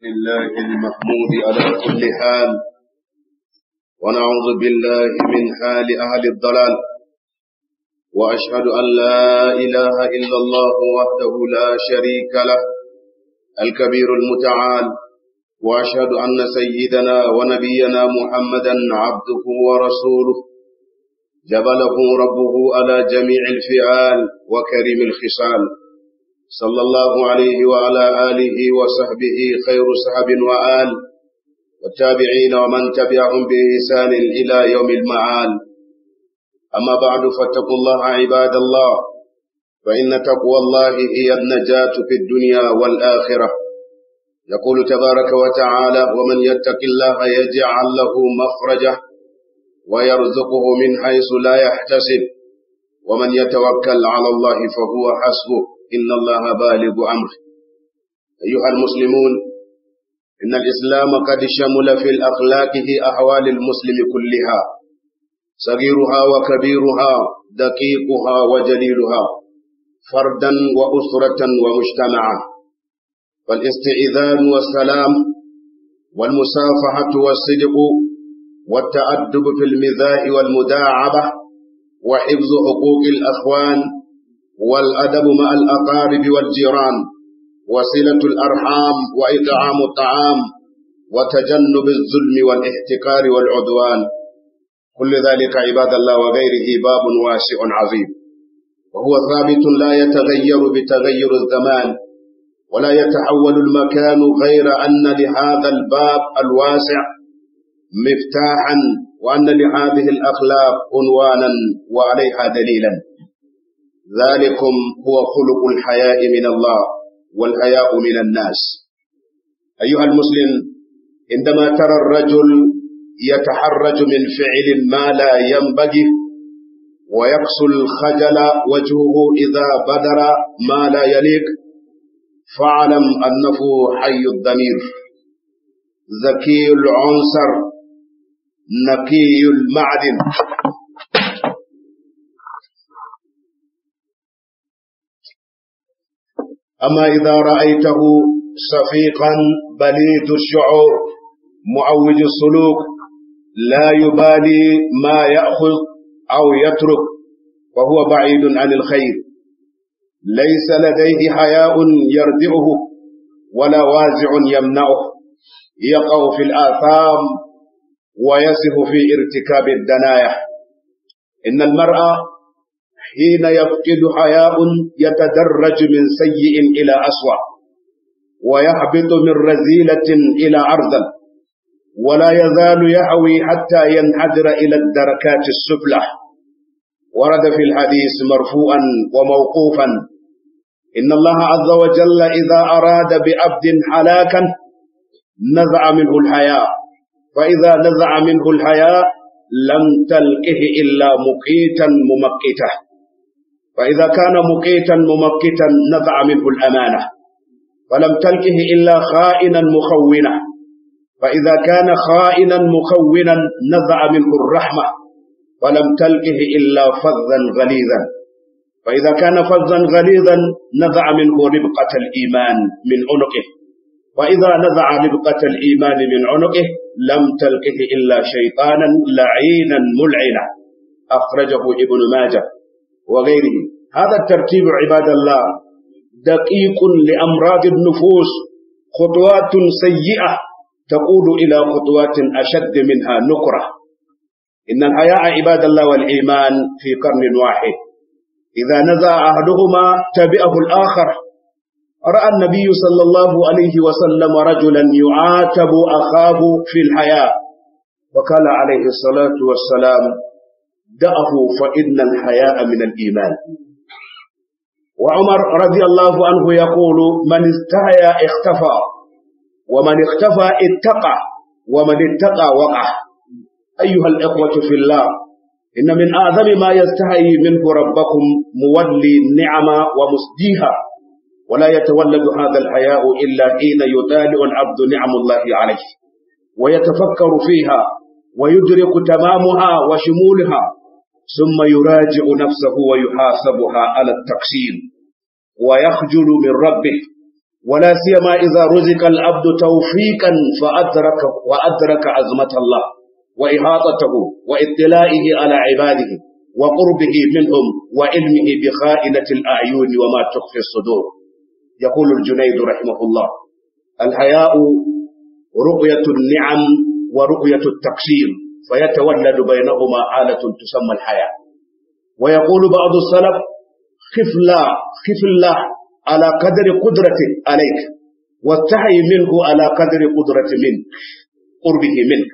لله المحمود على كل حال ونعوذ بالله من حال أهل الضلال وأشهد أن لا إله إلا الله وحده لا شريك له الكبير المتعال وأشهد أن سيدنا ونبينا محمدا عبده ورسوله جبله ربه على جميع الفعال وكريم الخصال صلى الله عليه وعلى آله وصحبه خير صحب وآل والتابعين ومن تبعهم بإحسان إلى يوم المعال أما بعد فاتقوا الله عباد الله فإن تقوى الله هي النجاة في الدنيا والآخرة يقول تبارك وتعالى ومن يتق الله يجعل له مخرجه ويرزقه من حيث لا يحتسب ومن يتوكل على الله فهو حسبه إن الله بالغ أمره أيها المسلمون إن الإسلام قد شمل في في أحوال المسلم كلها صغيرها وكبيرها دقيقها وجليلها فردا وأسرة ومجتمعا فالاستئذان والسلام والمسافحة والصدق والتأدب في المذاء والمداعبة وحفظ حقوق الأخوان والأدب مع الأقارب والجيران وصلة الأرحام وإطعام الطعام وتجنب الظلم والاحتكار والعدوان كل ذلك عباد الله وغيره باب واسع عظيم وهو ثابت لا يتغير بتغير الزمان ولا يتحول المكان غير أن لهذا الباب الواسع مفتاحا وأن لهذه الأخلاق عنوانا وعليها دليلا ذلكم هو خلق الحياء من الله والحياء من الناس أيها المسلم عندما ترى الرجل يتحرج من فعل ما لا ينبغي ويقسو الخجل وجهه إذا بدر ما لا يليق فاعلم أنه حي الضمير ذكي العنصر نقي المعدن أما إذا رأيته صفيقا بليد الشعور معوج السلوك لا يبالي ما يأخذ أو يترك وهو بعيد عن الخير ليس لديه حياء يردعه ولا وازع يمنعه يقع في الآثام ويسه في ارتكاب الدنايا إن المرأة حين يفقد حياء يتدرج من سيء إلى أسوأ ويهبط من رزيلة إلى أرذل ولا يزال يعوي حتى ينحدر إلى الدركات السفلى ورد في الحديث مرفوعا وموقوفا إن الله عز وجل إذا أراد بعبد هلاكا نزع منه الحياء فإذا نزع منه الحياء لم تلقه إلا مقيتا ممقته فإذا كان مقيتا ممقتا نزع منه الأمانة ولم تلقه إلا خائنا مخونا فإذا كان خائنا مخونا نزع منه الرحمة ولم تلقه إلا فظا غليظا فإذا كان فظا غليظا نزع منه ربقة الإيمان من عنقه وإذا نزع ربقة الإيمان من عنقه لم تلقه إلا شيطانا لعينا ملعنا أخرجه ابن ماجه وغيره هذا الترتيب عباد الله دقيق لأمراض النفوس خطوات سيئة تقود إلى خطوات أشد منها نكرة إن الحياء عباد الله والإيمان في قرن واحد إذا نزع أحدهما تبئه الآخر رأى النبي صلى الله عليه وسلم رجلا يعاتب أخاه في الحياة وقال عليه الصلاة والسلام دعه فإن الحياء من الإيمان وعمر رضي الله عنه يقول من استحيا اختفى ومن اختفى اتقى ومن اتقى وقع أيها الإخوة في الله إن من أعظم ما يستحي منه ربكم مولي النعم ومسديها ولا يتولد هذا الحياء إلا حين يطالع العبد نعم الله عليه ويتفكر فيها ويدرك تمامها وشمولها ثم يراجع نفسه ويحاسبها على التقصير ويخجل من ربه ولا سيما إذا رزق العبد توفيقا فأدرك وأدرك عزمة الله وإحاطته وإطلاعه على عباده وقربه منهم وعلمه بخائنة الأعين وما تخفي الصدور يقول الجنيد رحمه الله الحياء رؤية النعم ورؤية التقصير فيتولد بينهما آلة تسمى الحياة ويقول بعض السلف خف لا خف الله على قدر قدرة عليك واستحي منه على قدر قدرة منك قربه منك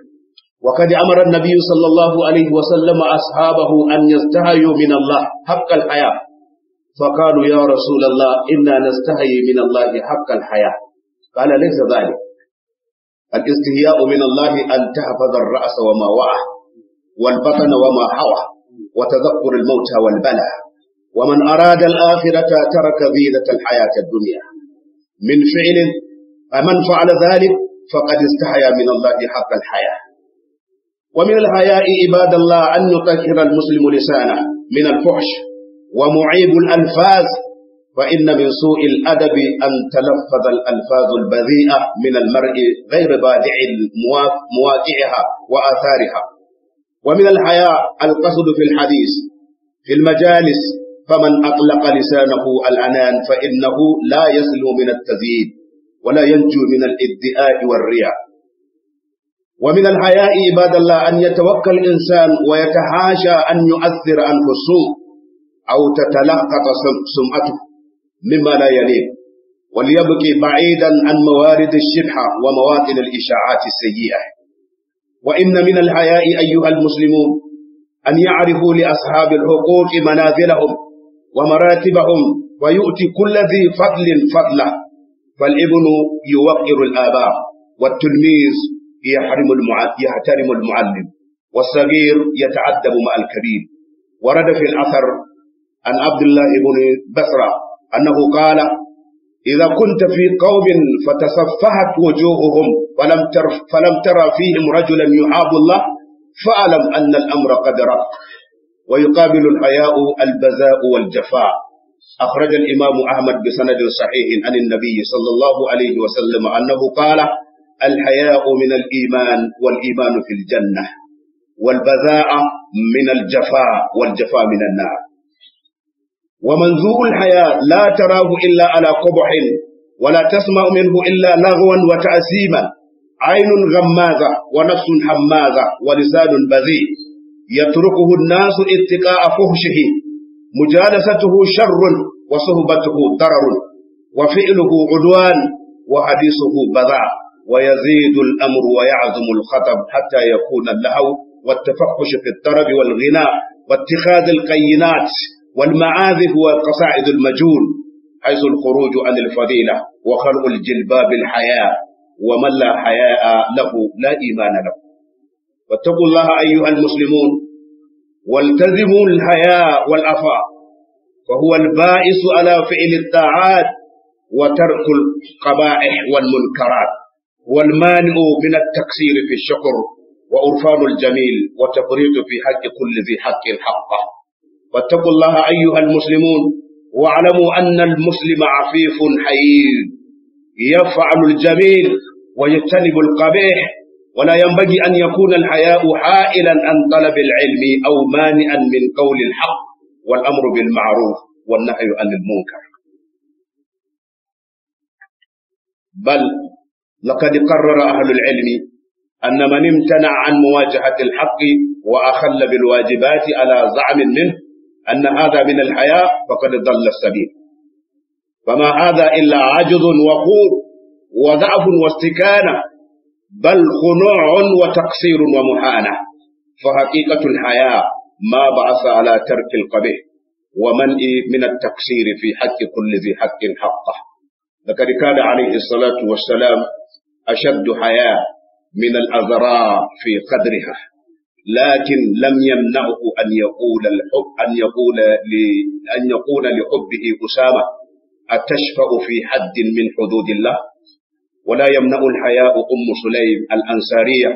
وقد أمر النبي صلى الله عليه وسلم أصحابه أن يستحيوا من الله حق الحياة فقالوا يا رسول الله إنا نستحي من الله حق الحياة قال ليس ذلك الاستهياء من الله أن تحفظ الرأس وما وعى والبطن وما حوى وتذكر الموت والبلى ومن أراد الآخرة ترك ذيلة الحياة الدنيا من فعل فمن فعل ذلك فقد استحيا من الله حق الحياة ومن الحياء عباد الله أن يطهر المسلم لسانه من الفحش ومعيب الألفاظ فإن من سوء الأدب أن تلفظ الألفاظ البذيئة من المرء غير بادع مواقعها وآثارها ومن الحياء القصد في الحديث في المجالس فمن أطلق لسانه الأنان فإنه لا يسلو من التزييد ولا ينجو من الادعاء والرياء ومن الحياء عباد الله أن يتوكل الإنسان ويتحاشى أن يؤثر عنه السوء أو تتلقط سمعته مما لا يليق وليبقي بعيدا عن موارد الشبحة ومواطن الإشاعات السيئة وإن من الحياء أيها المسلمون أن يعرفوا لأصحاب الحقوق منازلهم ومراتبهم ويؤتي كل ذي فضل فضله فالابن يوقر الآباء والتلميذ يحرم يحترم المعلم والصغير يتعدب مع الكبير ورد في الأثر عن عبد الله بن بصره أنه قال إذا كنت في قوم فتصفحت وجوههم فلم تر فلم ترى فيهم رجلا يعاب الله فاعلم أن الأمر قد رق ويقابل الحياء البذاء والجفاء أخرج الإمام أحمد بسند صحيح عن النبي صلى الله عليه وسلم أنه قال الحياء من الإيمان والإيمان في الجنة والبذاء من الجفاء والجفاء من النار ومنظور الحياة لا تراه إلا على قبح ولا تسمع منه إلا لغوا وتأسيما عين غمازة ونفس حمازة ولسان بذيء يتركه الناس اتقاء فهشه مجالسته شر وصحبته ضرر وفعله عدوان وحديثه بذاء ويزيد الأمر ويعظم الخطب حتى يكون اللهو والتفحش في الطرب والغناء واتخاذ القينات هو والقصائد المجون حيث الخروج عن الفضيلة وخلق الجلباب الحياء ومن لا حياء له لا إيمان له واتقوا الله أيها المسلمون والتزموا الحياء والأفاء فهو البائس على فعل الطاعات وترك القبائح والمنكرات والمانع من التكسير في الشكر وأرفان الجميل وتفريط في حق كل ذي حق حقه واتقوا الله أيها المسلمون واعلموا أن المسلم عفيف حيين يفعل الجميل ويجتنب القبيح ولا ينبغي أن يكون الحياء حائلا عن طلب العلم أو مانعا من قول الحق والأمر بالمعروف والنهي عن المنكر بل لقد قرر أهل العلم أن من امتنع عن مواجهة الحق وأخل بالواجبات على زعم منه أن هذا من الحياء فقد ضل السبيل فما هذا إلا عجز وقور وضعف واستكانة بل خنوع وتقصير ومحانة فحقيقة الحياء ما بعث على ترك القبيح ومنع من التقصير في حق كل ذي حق حقه لقد كان عليه الصلاة والسلام أشد حياء من الأذرار في قدرها لكن لم يمنعه أن يقول الحب أن يقول أن يقول لحبه أسامة أتشفع في حد من حدود الله ولا يمنع الحياء أم سليم الأنصارية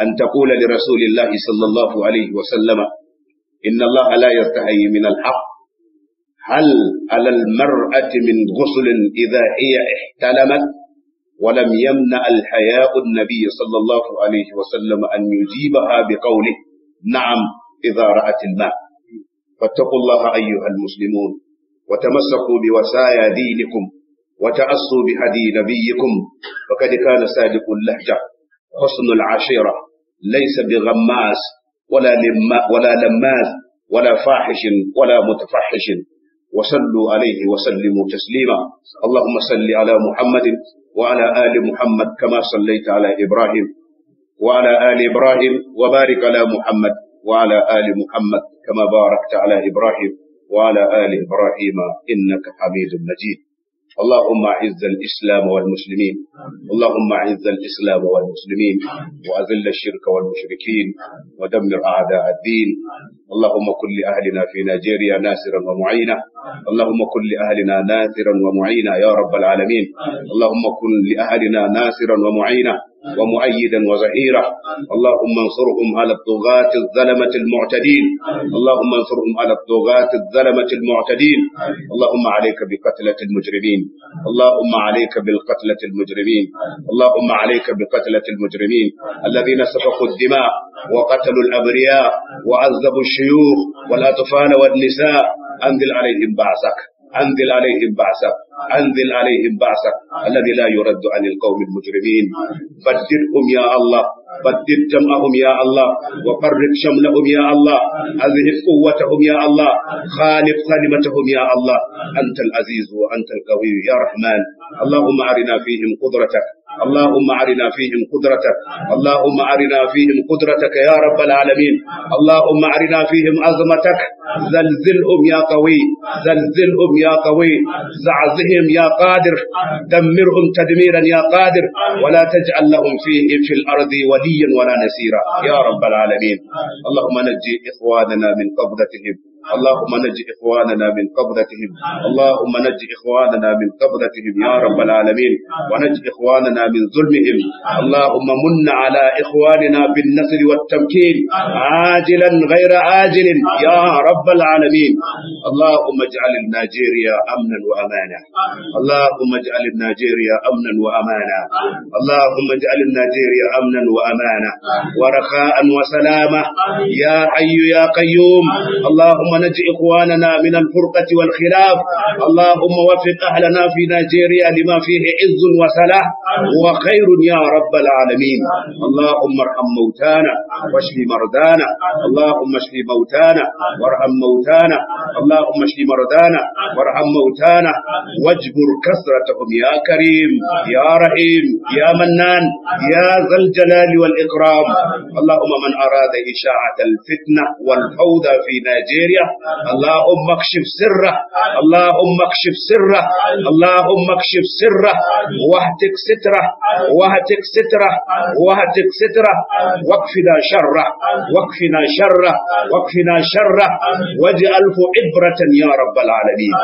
أن تقول لرسول الله صلى الله عليه وسلم إن الله لا يستحي من الحق هل على المرأة من غسل إذا هي احتلمت ولم يمنع الحياء النبي صلى الله عليه وسلم أن يجيبها بقوله نعم إذا رأت الماء فاتقوا الله أيها المسلمون وتمسكوا بوسايا دينكم وتأسوا بهدي نبيكم وقد كان صادق اللهجة حسن العشيرة ليس بغماس ولا, لما ولا لماس ولا فاحش ولا متفحش وصلوا عليه وسلموا تسليما اللهم صل على محمد وعلى آل محمد كما صليت على إبراهيم وعلى آل إبراهيم وبارك على محمد وعلى آل محمد كما باركت على إبراهيم وعلى آل إبراهيم إنك حميد مجيد اللهم اعز الاسلام والمسلمين اللهم اعز الاسلام والمسلمين واذل الشرك والمشركين ودمر اعداء الدين اللهم كن لاهلنا في نيجيريا ناصرا ومعينا اللهم كن لاهلنا ناصرا ومعينا يا رب العالمين اللهم كن لاهلنا ناصرا ومعينا ومؤيدا وظهيرا اللهم انصرهم على الطغاة الظلمة المعتدين اللهم انصرهم على الطغاة الظلمة المعتدين اللهم عليك بقتلة المجرمين اللهم عليك بالقتلة المجرمين اللهم عليك بقتلة المجرمين الذين سفكوا الدماء وقتلوا الأبرياء وعذبوا الشيوخ والأطفال والنساء أنزل عليهم بعثك أنزل عليهم بعثك أنزل عليهم بعثك الذي لا يرد عن القوم المجرمين بددهم يا الله بدد جمعهم يا الله وقرب شملهم يا الله أذهب قوتهم يا الله خالف كلمتهم يا الله أنت العزيز وأنت القوي يا رحمن اللهم أرنا فيهم قدرتك اللهم أرنا فيهم قدرتك اللهم أرنا فيهم قدرتك يا رب العالمين اللهم أرنا فيهم عظمتك زلزلهم يا قوي زلزلهم يا قوي زعزهم يا قادر دمرهم تدميرا يا قادر ولا تجعل لهم فيه في الأرض وليا ولا نسيرا يا رب العالمين اللهم نجي إخواننا من قبضتهم اللهم نج إخواننا من قبضتهم اللهم نج إخواننا من قبضتهم يا رب العالمين ونج إخواننا من ظلمهم اللهم من على إخواننا بالنصر والتمكين عاجلا غير عاجل يا رب العالمين اللهم اجعل النيجيريا أمنا وأمانا اللهم اجعل النيجيريا أمنا وأمانا اللهم اجعل النيجيريا أمنا وأمانا ورخاء وسلامة يا حي يا قيوم اللهم ونجي إخواننا من الفرقة والخلاف اللهم وفق أهلنا في نيجيريا لما فيه عز وصلاح وخير يا رب العالمين اللهم ارحم موتانا واشف مرضانا اللهم اشف موتانا وارحم موتانا اللهم اشف مرضانا وارحم موتانا واجبر كثرتهم يا كريم يا رحيم يا منان يا ذا الجلال والإكرام اللهم من أراد إشاعة الفتنة والفوضى في نيجيريا اللهم اكشف سره اللهم اكشف سره اللهم اكشف سره واهتك ستره واهتك ستره واهتك ستره واكفنا شره واكفنا شره واكفنا شره واجعله عبره يا رب العالمين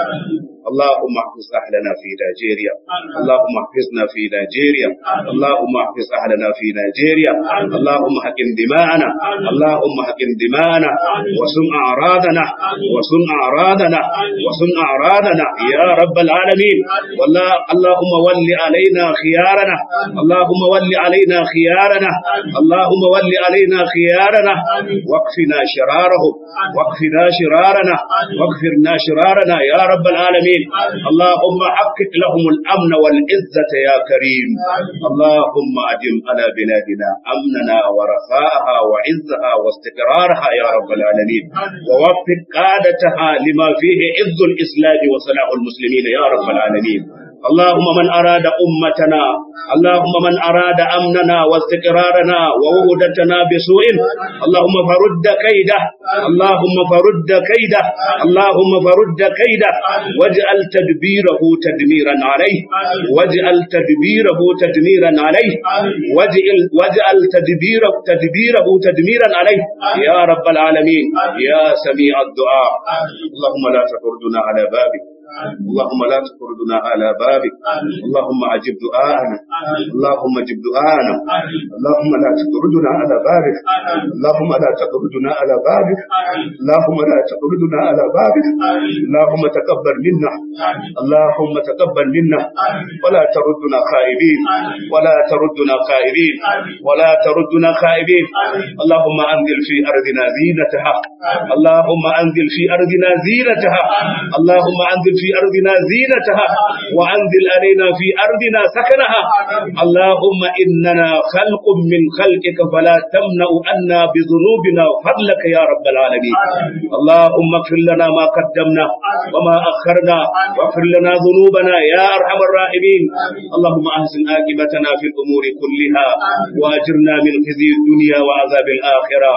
اللهم احفظ أهلنا في نيجيريا اللهم احفظنا في نيجيريا اللهم احفظ أهلنا في نيجيريا اللهم حكم دماءنا اللهم حكم دماءنا وسن أعراضنا وسن أعراضنا وسن أعراضنا يا رب العالمين والله اللهم ول علينا خيارنا اللهم ول علينا خيارنا اللهم ول علينا خيارنا واقفنا شرارهم واقفنا شرارنا واغفرنا شرارنا يا رب العالمين العالمين اللهم حقق لهم الأمن والعزة يا كريم اللهم أدم على بلادنا أمننا ورخاءها وعزها واستقرارها يا رب العالمين ووفق قادتها لما فيه عز الإسلام وصلاح المسلمين يا رب العالمين اللهم من أراد أمتنا اللهم من أراد أمننا واستقرارنا ووهدتنا بسوء اللهم فرد كيده اللهم فرد كيده اللهم فرد كيده واجعل تدبيره تدميرا عليه واجعل تدبيره تدميرا عليه واجعل واجعل تدبيره تدبيره تدميرا عليه يا رب العالمين يا سميع الدعاء اللهم لا تفردنا على بابك اللهم لا تفرضنا على بابك اللهم اجب دعاءنا اللهم اجب دعاءنا اللهم لا تطردنا على بابك اللهم لا تطردنا على بابك اللهم لا تطردنا على بابك اللهم تقبل منا اللهم تقبل منا ولا تردنا خائبين ولا تردنا خائبين ولا تردنا خائبين اللهم انزل في ارضنا زينتها اللهم انزل في ارضنا زينتها اللهم انزل في أرضنا زينتها وأنزل علينا في أرضنا سكنها اللهم إننا خلق من خلقك فلا تمنأ أنا بذنوبنا فضلك يا رب العالمين اللهم اغفر لنا ما قدمنا وما أخرنا واغفر لنا ذنوبنا يا أرحم الراحمين اللهم أحسن عاقبتنا في الأمور كلها وأجرنا من خزي الدنيا وعذاب الآخرة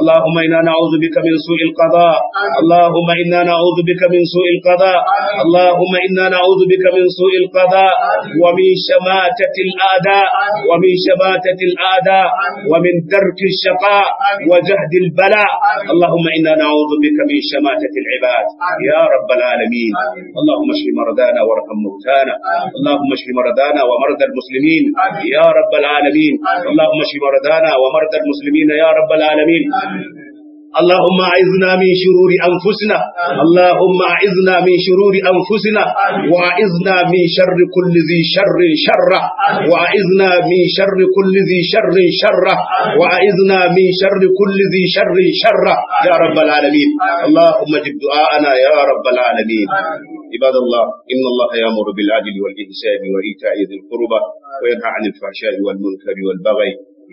اللهم إنا نعوذ بك من سوء القضاء اللهم إنا نعوذ بك من سوء القضاء اللهم إنا نعوذ بك من سوء القضاء ومن شماتة الأعداء ومن شماتة الأعداء ومن ترك الشقاء وجهد البلاء اللهم إنا نعوذ بك من شماتة العباد يا رب العالمين اللهم اشف مرضانا وارحم موتانا اللهم اشف مرضانا ومرضى المسلمين يا رب العالمين اللهم اشف مرضانا ومرضى المسلمين يا رب العالمين اللهم أعذنا من شرور أنفسنا اللهم أعذنا من شرور أنفسنا وأعذنا من شر كل ذي شر شره وأعذنا من شر كل ذي شر شره وأعذنا من شر كل ذي شر شره يا رب العالمين اللهم اجب دعاءنا يا رب العالمين عباد الله إن الله يأمر بالعدل والإحسان وإيتاء ذي القربى وينهى عن الفحشاء والمنكر والبغي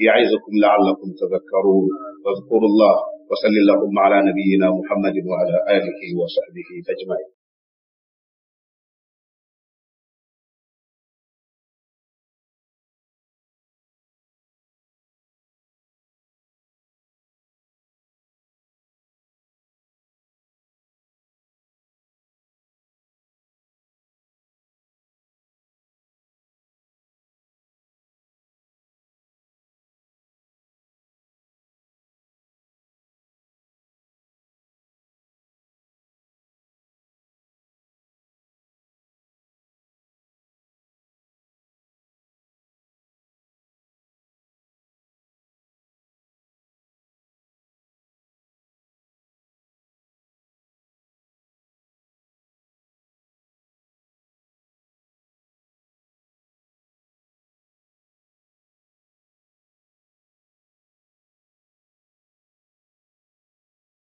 يعظكم لعلكم تذكرون واذكروا الله وصل اللهم على نبينا محمد وعلى آله وصحبه أجمعين